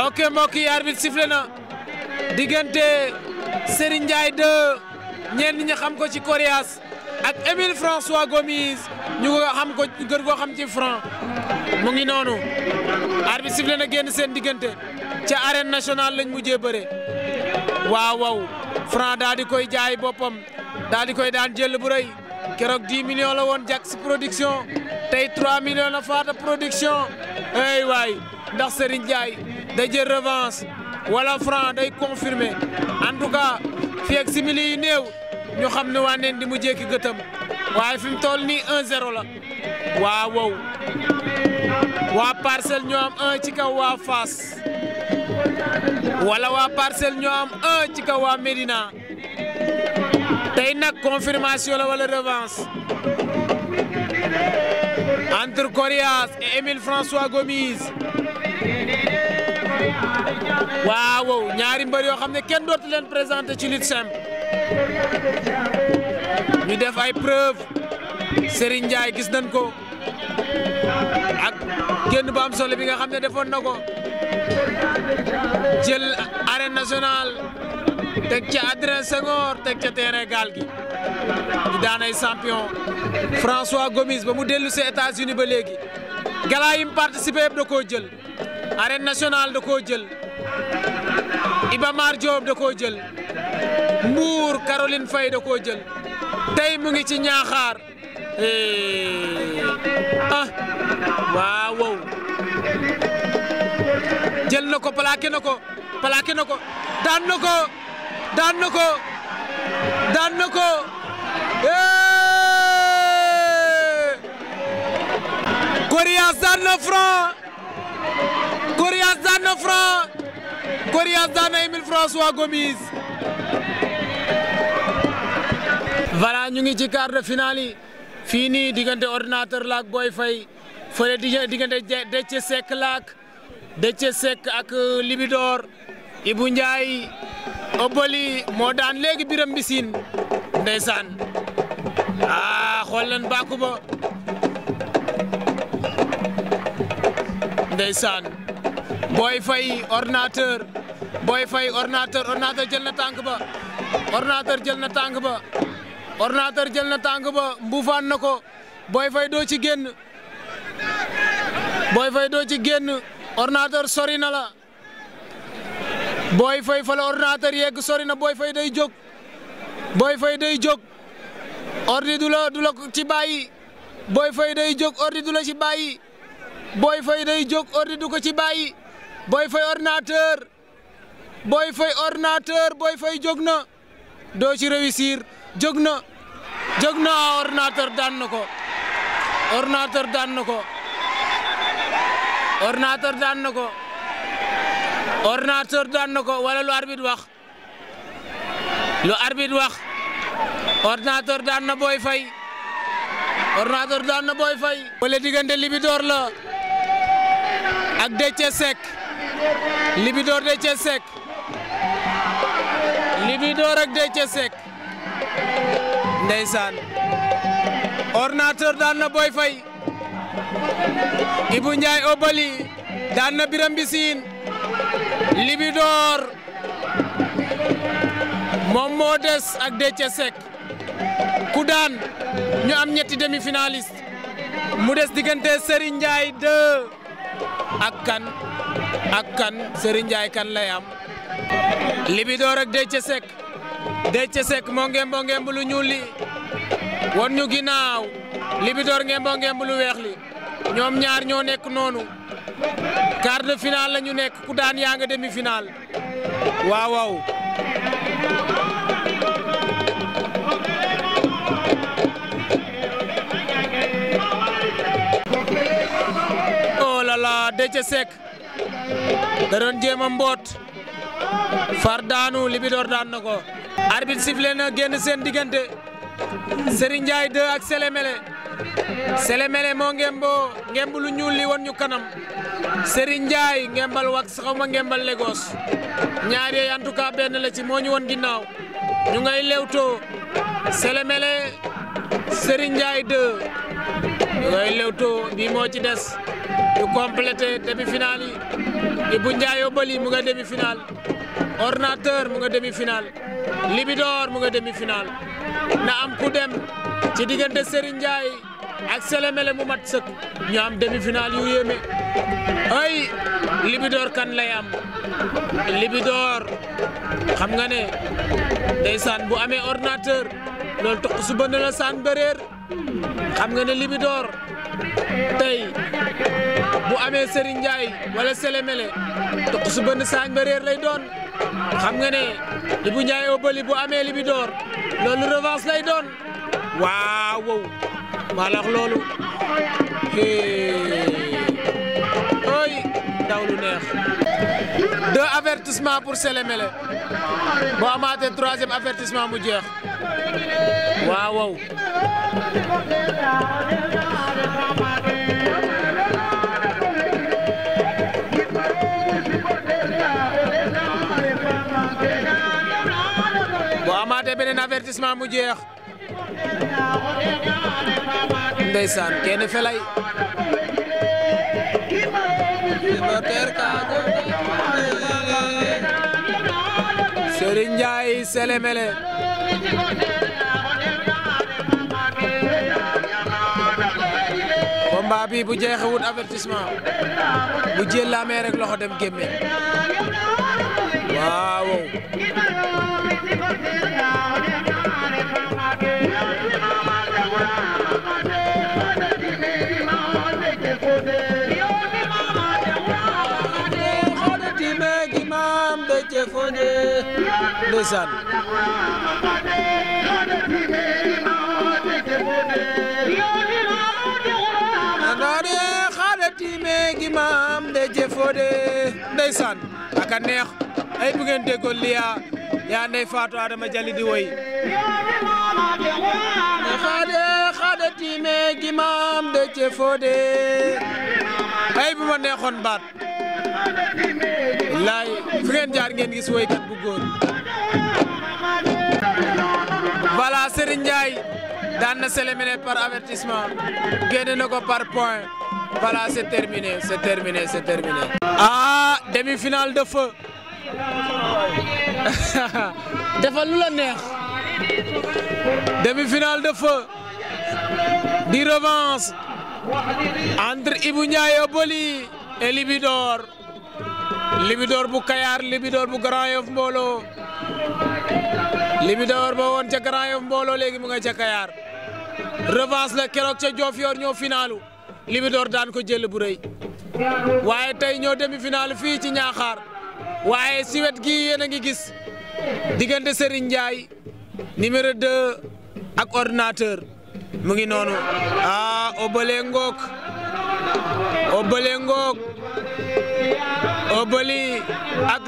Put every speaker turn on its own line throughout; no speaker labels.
ok mbokk yi arbitre sifflé na diggante Serigne Ndiaye 2 ñenn ñi xam ko ci Coriace ak Émile François Gomis ñu ko xam ko kër goo xam ci franc mu ngi noonu arbitre sifflé na génn seen diggante ca arène nationale lañ mujjee bëre waaw waaw franc daal di koy jaay boppam daal di koy daan jël bu rëy keroog 10 millions la woon Jax production tey 3 millions faata production ay waay ndax Serigne Ndiaye. day jël revanche wala Franc day confirmer en tout cas fii ak simili yu néew ñu xam ne waa neen di mu jékki gëtëm waaye fi mu toll nii 1-0 waa wow waa parcelle ñoo am 1 ci kaw waa Fass wala waa parcelle ñoo am 1 ci kaw waa Médina tey nag confirmation la wala revanche entre Corias Émile François Gomis waaw ñaari mbër yoo xam ne kenn dootu leen présenté ci lutte simple ñu def ay preuve Serigne Ndiaye gis nañ ko ak génn bu am solo bi nga xam ne defoon na ko jël arène nationale teg ca Adrien Senghor teg ca terrain gaal gi ñu daan ay champion François Gomis ba mu dellu si États-Unis ba léegi gala yi mu da koo jël arène nationale da koo jël. Iba Mar Diop da koo jël Mbour Caroline Faye da koo jël tey mu ngi ci Ñaaxaar eh. ah waaw jël na ko plaqué na ko plaqué na ko daan na ko daan na ko daan na ko na Franc Coriace daan na Franc Gorias daan na Emile François Gomis voilà ñu ngi ci quart de fii nii diggante ordinateur laak Boy Faye fële diggante Déthié Seck laak Déthié Seck ak euh, Libidor Ibou Ndiaye Oboli moo daan léegi Biram Bisine ndeysaan ah xool leen bàkku ba ndeysaan Boy Faye ordinateur Boy Faye ordinateur ordinateur jël na tànk ba ordinateur jël na tànk ba ordinateur jël na tànk ba mbuufaan na ko Boy Faye doo ci génn Boy Faye doo ci génn ordinateur sori na la Boy Faye fa la ordinateur yegg sori na Boy Faye day jóg Boy Faye day jóg ordi du la du la ci bàyyi Boy Faye day jóg ordi du la ci bàyyi Boy Faye day jóg ordi du ko ci bàyyi Boy Faye ordinateur Boy Faye ordinateur Boy Faye jóg na doo ci réussir jóg na jóg na ordinateur daan ko ordinateur daan na ko ordinatër daan na ko ordinateur daan na ko wala lu arbitre wax lu arbitre wax ordinateur daan na Boy fay ordinateur daan na Boy Faye wala diggante Libidor la ak Déthié Seck Libidor Déthié Seck Libidor ak Déthié Seck ndeysaan ordinateur daan na Boy fay Ibou Ndiaye Obali daan na Biram Bisine Libidor moom moo des ak Déthié Seck ku daan ñu am ñetti demi mu des diggante Serigne Ndiaye 2 ak kan ak kan Serigne Ndiaye kan lay am Libidor ak Déthié Seck Déthié Seck moo ngembo ngemb lu ñuul li won ñu ginnaaw Libidor ngembo ngemb lu weex ñoom ñaar ñoo nekk noonu quart de finale la ñu nekk ku daan yaa nga demi-finale waaw ce Seck da doon jéem a mboot far daanu Libidor daan na ko. arbitre sifflé na génn seen diggante Serigne Ndiaye 2 ak Sélémélé Sélémélé moo ngemboo ngemb lu ñuul li won ñu kanam Serigne Ndiaye ngembal wax xaw ma ngembal Lagos ñaar yooyu en tout cas ci moo won ginnaaw ñu ngay lewtoo Sélémélé Serigne Ndiaye 2 ñu ngay lewtoo bii moo ci des. ñu complété demi-finale yi Ibou Ndiaye Yobali mu nga demi-finale ordinateur mu nga demi-finale Libidor mu nga demi-finale na am ku dem ci diggante Serigne Ndiaye ak Selemele mu mat sëkk ñu am yu yéeme ay Libidor kan lay am Libidor xam nga ne ndeysaan bu amee ordinateur loolu toq su bënn la saan bëreer xam nga ne Libidor tey bu amee Serigne Ndiaye wala Sélémélé toq su bënn lay doon xam nga ne bu Ndiaye obali bu amee li bi door loolu revanche lay doon waaw wow maa loolu daw lu neex deux avertissement pour Sélémélé boo amaatee troisième avertissement mu jeex waaw boo amaatee beneen avertissement mu jeex ndeysaan kenn felay notaire Kaago Selemele combat bi bu jeexewut avertissement bu jëllaamee rek loxo dem gémme waaw ndeysaan andaade xaada ay bu ngeen yaa ndey faatu adama jali di woy xaade xaada tiime gi maam de jëfoode ay bu ma neexoon baat laay fu ngeen jaar ngeen gis woykat bu góor voilà Serigne Ndiaye daan na s'éliminer par avertissement génne na ko par point voilà c'est terminé c'est terminé c'est terminé ah demi-finale de feu de feu di revanche entre Ibou Ndiaye Oboli et Libidor Libidor bu Kayar Libidor bu Grand Yoff mbooloo Libidor ba woon ca Grand Yoff mbooloo léegi mu nga ca Kayar revanche la keroog ca Diofior ñoo finalu Libidor daan ko jël bu rëy waaye tey ñoo demi final fii ci Ñaaxaar waaye si wet gi yéen a ngi gis diggante Serigne Ndiaye numéro 2 ak ordinateur mu ngi noonu ah Obale Ngok Obale Ngok. Obeuly ak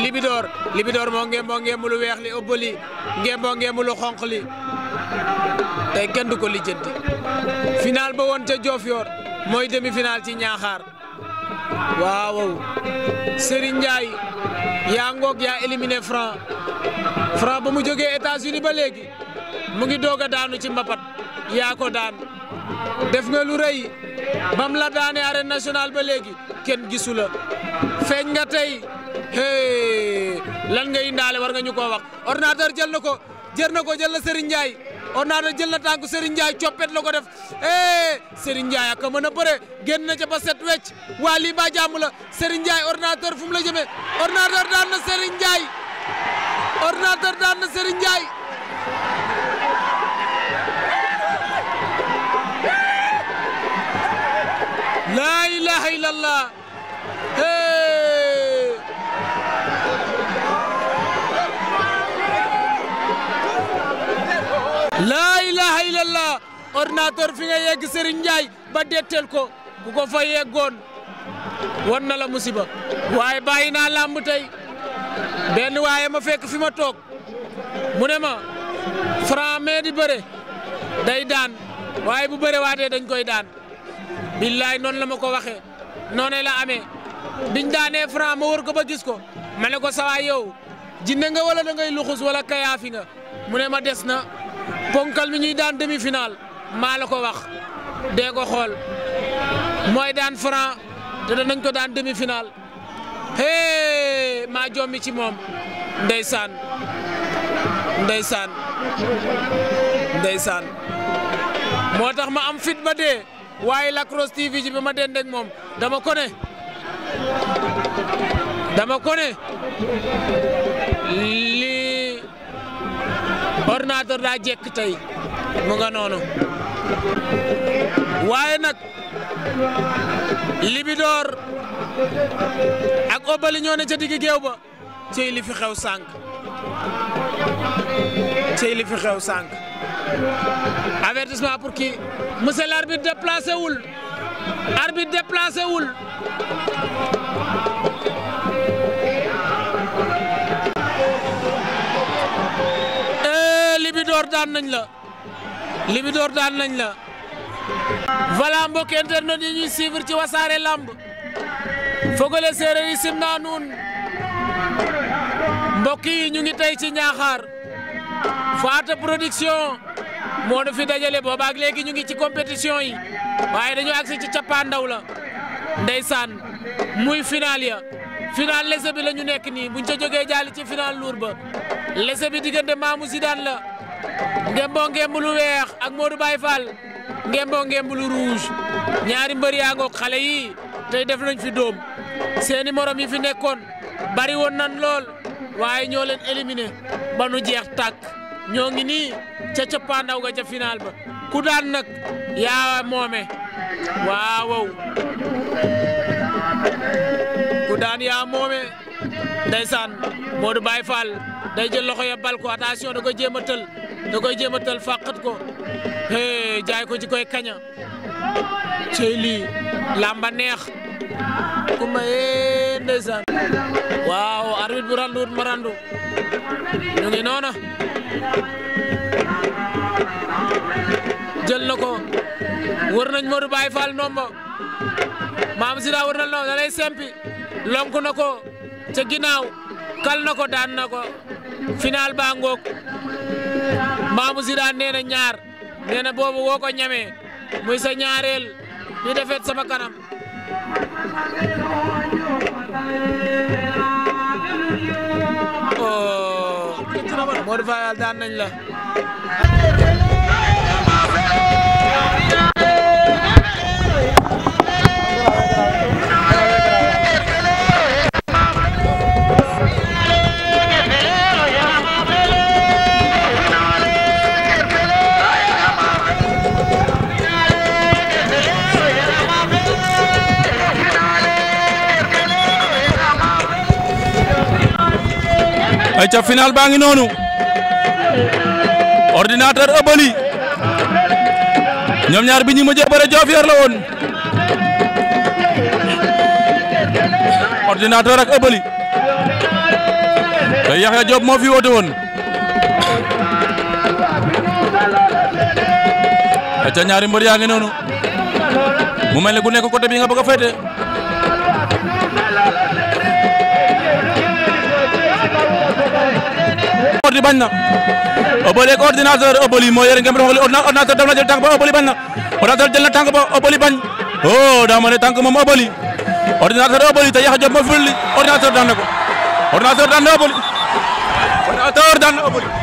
Libidor Libidor moo ngeen lu weex li Obeuly ngeen lu xonq li tey kenn du ko lijjanti final ba woon ca Diofior mooy demi final ci Ñaaxaar waaw Serigne yaa ngoog yaa éliminé Franc Franc ba mu jógee états ba léegi mu ngi doog a daanu ci mbapat yaa ko daan def nga lu rëy bam la daane arène nationale ba léegi kenn gisu feeñ nga tey lan nga indaale war nga ñu koo wax jël na ko jër na ko jël na Serigne Ndiaye ordinateur jël na tànku Serigne Ndiaye coppet la ko def Serigne Ndiaye ak mën a bëre génn na ca ba set wecc waa lii ba jàmm la Serigne Ndiaye ordinateur fu la jëmee ordinateur daan na Serigne Ndiaye ordinateur daan na Serigne Ndiaye. la ordinateur fi nga yegg Serigne ba detteel ko bu ko fa yeggoon wan na la musiba waaye bàyyi naa làmb tey benn waaye ma fekk fi ma toog mu ne ma Franc mais di bëre day daan waaye bu bëre waatee dañ koy daan billaay noonu la ma ko waxee noonee la amee biñ daanee Franc ma wër ko ba gis ko ma ne ko sawaay yow jinne nga wala da ngay luxus wala kayaafi nga mu ne ma des na ponkal mi ñuy daan demi-finale maa la ko wax dee ko xool mooy daan Franc te danañ ko daan demi-finale hee maa jommi ci moom ndeysaan ndeysaan ndeysaan moo tax ma am fit ba dee waaye Lac Rose TV bi ma dendeg moom dama ko ne dama ko ne ordinateur daa jekk tey mu nga noonu waaye nag Libidor ak Obali ñoo ne ca digg ba cey li fi xew sànq cey li fi xew sànq avertissement pour ki monsieur l'arbitre déplacé wul arbitre déplacé wul Libidor daan nañ la Libidor daan nañ la voilà mbokk internet yi ñuy suivre ci wasaare lamb fogole séeréer yi sim naa nuun mbokk yi ñu ngi tey ci ñaaxaar Faata production moo nu fi dajale boobaak léegi ñu ngi ci compétition yi waaye dañu agsi ci cappaandaw la ndeysaan muy final ya final lese bi la ñu nekk nii buñ ca jógee ci final lour ba lese bi diggante Mamou Zidane la ngemboo ngemb lu weex ak Modou Baye Fall ngemboo ngemb ñaari mbër yaa ngoog xale yi tey def nañ fi doom seeni morom yi fi nekkoon bari woon nan lool waaye ñoo leen éliminé ba jeex tàkk ñoo ngi nii ca cappaandaw ga ca final ba ku daan nag yaa moome waawow ku daan yaa moome ndeysaan Modou Baye Fall day jël loxo ya bal ko da koy jéem a tël da koy jéem tël fàqat ko hey jaay ko ci koy kaña cey lamba neex ku ma yee ndeysaan waaw arbitre bu randuut ma randu ñu ngi noona jël na ko wër nañ Modou Baye Fall nomba maam si daa wër na noonu da lay sempi lonku na ko ca ginnaaw kal na ko daan na ko final baa ngoog Mamou Zidane nee ñaar nee boobu woo ko ñamee muy sa ñaareel ñu defeet sama kanam oh. nañ la ay ca final ngi noonu ordinateur Obeuly ñoom ñaar bi ñu mujjee bëre Diofior la woon ordinateur ak Obeuly te Yaxya Diop moo fi woote woon ay ca ñaari mbër noonu mu mel ne ku nekk bi nga bëgg Obeuly bañ na Obeuly ak ordinateur Obeuly moo yore ngeen doon xool ordinateur daf la jël tànk ba Obeuly bañ na ordinateur jël na tànk ba Obeuly bañ oh daa ne tànk moom Obeuly ordinateur Obeuly te yax job ma fulli ordinateur daan ko ordinateur daan na